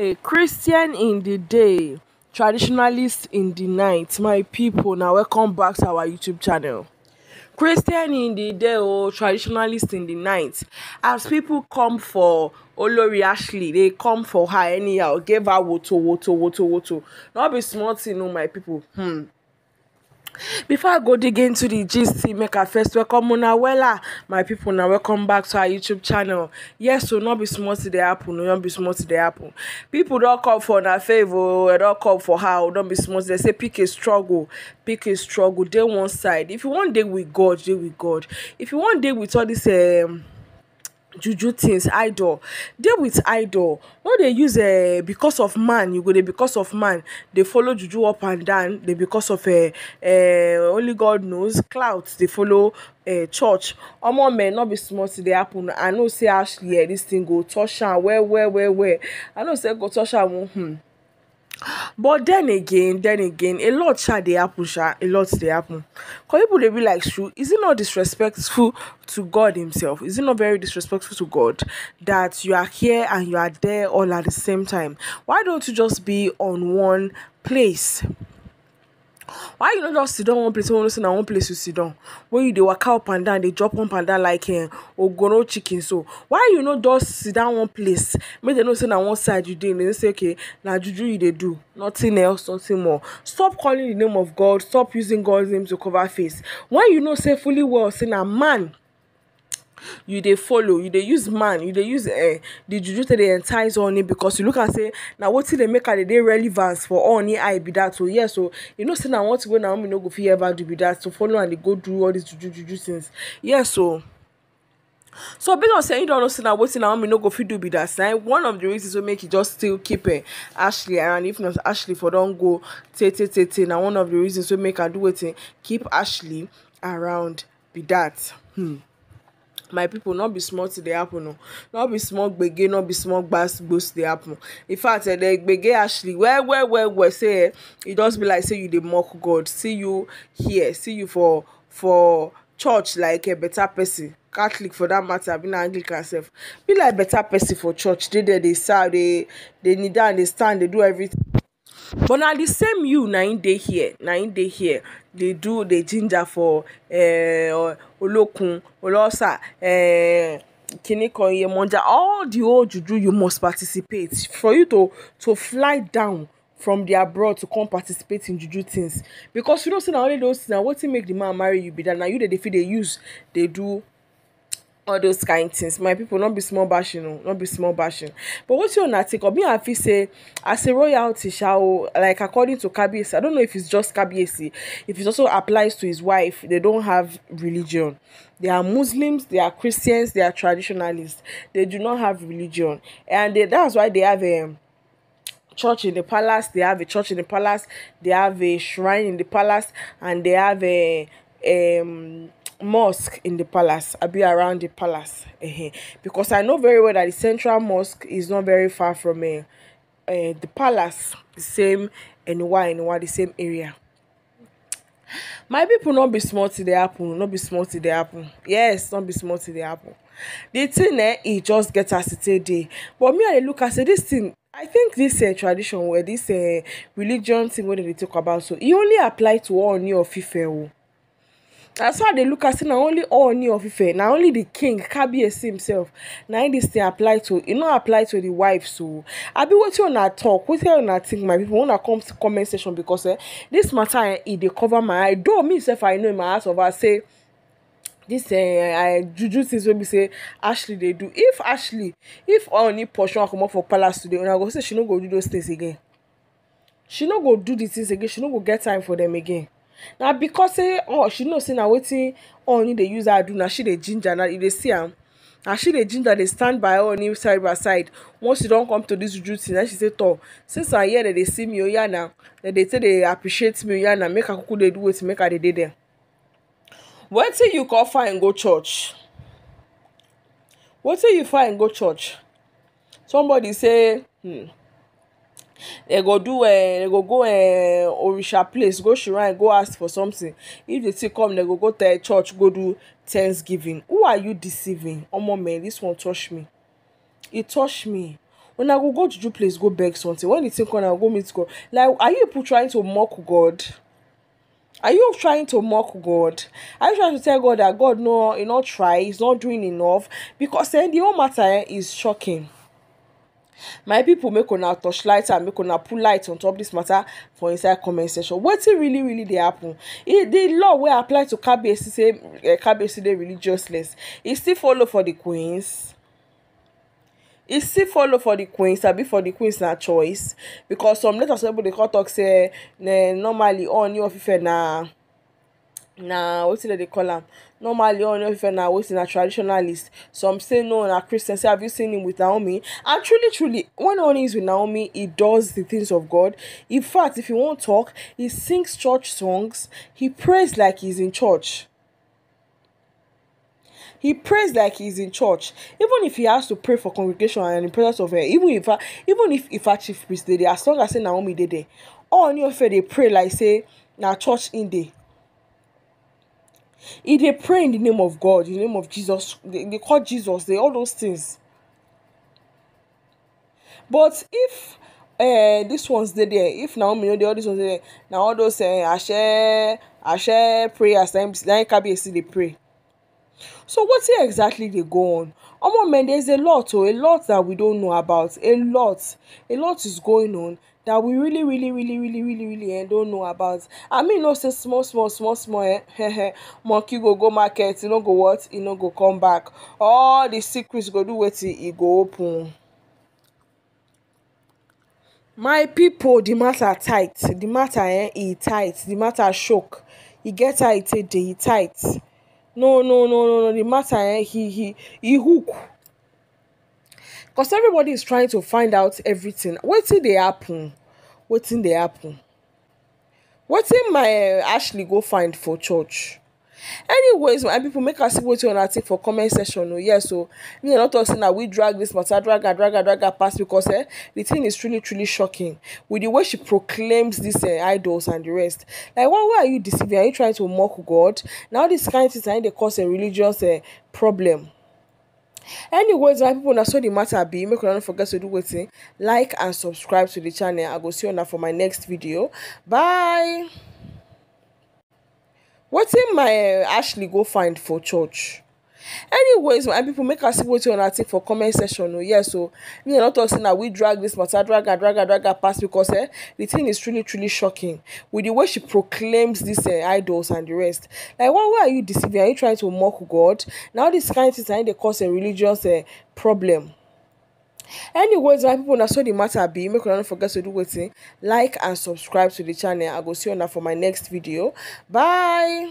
a christian in the day traditionalist in the night my people Now welcome back to our youtube channel christian in the day o oh, traditionalist in the night as people come for olori ashley they come for her anyhow give her woto woto woto woto Not be small thing o my people hmm before i go dig into the GC, make i first welcome una wella my people. Now welcome back to our youtube channel yes o not be small tin dey happen o no be small tin dey happen pipo don come for na favour o oh, don come for how. Don't be small They say pick a struggle pick a struggle dey one side if you wan dey with god dey with god if you wan dey with all this, um, juju things idol dey with idol no dey use uh, because of man you go dey because of man dey follow juju up and down dey because of uh, uh, only god knows clout dey follow uh, church omo men no be small thing dey happen i know say ashley uh, this thing go touch am well well well well i know say go touch am hmm but then again then again a lot sha dey happen sha a lot dey happen cause people dey be like true is it not disrespectful to god himself is it not very disrespectful to god that you are here and you are there all at the same time why don't you just be on one place why you no just sit down one place wey you know say na one place you sit down wey you dey waka up and down dey jump up and down like um, eh, ogoro chicken so why you no just sit down one place make dem know say na one side you dey and dem say okay na juju you dey do nothing else nothing more stop calling the name of god stop using god's name to cover face when you know say fully well say na man you dey follow you dey use man you dey use eh, the juju take dey entice honey because you look am say na wetin dey make her dey dey relevant for honey eye be that so yes so you know say na one thing wey naomi no go fit ever do be that to follow and dey go do all these juju juju things yes o. so based on say you don't know say na wetin naomi no go fit do be that na one of the reasons wey make e just still keep eh, ashley and if not ashley for don go tey tey tey tey na one of the reasons wey make her do wetin keep ashley around be that. Hmm my people no be small thing dey happen o oh. no be small gbege no be small gbas dey happen in fact eh, the gbege actually well well well well say eh, e just be like say you dey mock god see you here see you for for church like a better person catholic for that matter being anglican sef be like better person for church dey there dey serve dey dey kneel down dey stand dey do everything but na the same you na im dey here na im dey here dey do dey ginger for um olókun olosa um kini kan iyemọja all the old juju you must participate for you to to fly down from the abroad to come participate in juju things because you know say na only those things na wetin make the man marry you be that na you dey dey fit dey use dey do all those kind things my people no be small bashing o oh, no be small bashing but wetin una think me, I fit say as a royalty sha o like according to kabiyesi i don't know if it's just kabiyesi if it also applies to his wife they don't have religion they are muslims they are christians they are traditionalists they do not have religion and they, that's why they have a church in the palace they have a church in the palace they have a shrine in the palace and they have a um mosque in the palace be around the palace uh-huh. because i know very well that the central mosque is not very far from uh, uh, the palace the same and why the same area my people not be smart to the apple. Not be smart to the apple. yes not be smart to the apple. the thing eh it just get us e take but me i look am say this thing i think this uh, tradition where this uh, religion thing when they talk about so it e only apply to Ooni of Ife o. Oh na so i dey look am say na only ooni of ife na only the king kabiyesi himself na him dis thing apply to e no apply to the wives o abi wetin una talk wetin una think my people una come to comment section because eh, this matter eh, e dey cover my eye though me sef i know in my heart of heart say this uh, uh, juju things wey be say ashley dey do if ashley if ooni portion comot for palace today una go say she no go do those things again she no go do the things again she no go get time for them again na because say oh she know say na wetin honey oh, dey use her do na she dey ginger na you dey see am na she dey ginger dey stand by honey side by side once she don come to this juju thing na she say toh since i hear dem dey see me oya na dem dey say dey appreciate me oya oh, na make i kuku dey do wetin make i dey dey there wetin you call fine go church wetin you fine go church somebody say hmm, They go do um They go go um orisha place go shrine go ask for something if the thing come they go go tell church go do thanksgiving who are you deceiving omo man, this one touch me It e touched me When I go go juju place go beg something when the thing come I go meet god like are you people trying to mock god are you trying to mock god are you trying to tell god that god no he not try he's not doing enough because eh, the whole matter eh, is shocking my people make una torchlight and make una put light on top this matter for inside comment section wetin really really dey happen e, The law wey apply to kabiyesi say eh, kabiyesi dey religiousless e still follow for the queens e still follow for di queen sabi for the queens na choice because some letters wey pipo dey come talk say eh, normally Ooni of Ife na. na wetin dem they call him? normally onye ife na wetin a traditionalist I'm saying no a christian say have you seen him with naomi and truly truly when oni is with naomi he does the things of god in fact if he won't talk he sings church songs he prays like he's in church he prays like he's in church even if he has to pray for congregation and in presence of her even if even if if her chief priest dey there as long as say naomi dey there all oni of her pray like say na church in day. If they pray in the name of God, in the name of Jesus. They, they call Jesus, they all those things. But if uh, eh, this one's there, there, if Naomi, you know, the, all this one's there, now all those saying, uh, eh, Ashe, Ashe prayers, then be Kabiyesi they pray. So what's what exactly they go on? Omo man, there's a lot, oh, a lot that we don't know about. A lot, a lot is going on that we really, really, really, really, really, really eh, don't know about. I mean, no say small, small, small, small, eh, monkey go go market, you e know go what, you e know go come back. All the secrets go do what it e go open. My people, the matter tight. The matter, eh, he tight. The matter shook. He get how it, tight. No, no, no, no, no. The matter, eh, he, he, he hook because everybody is trying to find out everything wetin dey happen wetin dey happen wetin my uh, ashley go find for church anyways my people make i see wetin una take for comment session. Oh yes o oh. me and doctor say that we drag this matter drag her drag her drag her pass because eh, the thing is truly truly shocking with the way she proclaims these eh, idols and the rest like why why are you deceiving are you trying to mock god Now, this kind of thing they cause a religious eh, problem anyways pipo na so di mata be make una no forget to do wetin like and subscribe to di channel i go see una for my next video bye. wetin my ashley go find for church. anyways my people make i see wetin una think for comment section Oh yes so oh. me and doctor say na we drag this matter drag her drag her drag her pass because eh, the thing is truly truly shocking with the way she proclaims these eh, idols and the rest like why, why are you deceiving are you trying to mock god now this kind of thing na dey cause a religious eh, problem anyways my people now so the matter be make una no forget to do wetin like and subscribe to the channel i go see you now for my next video bye.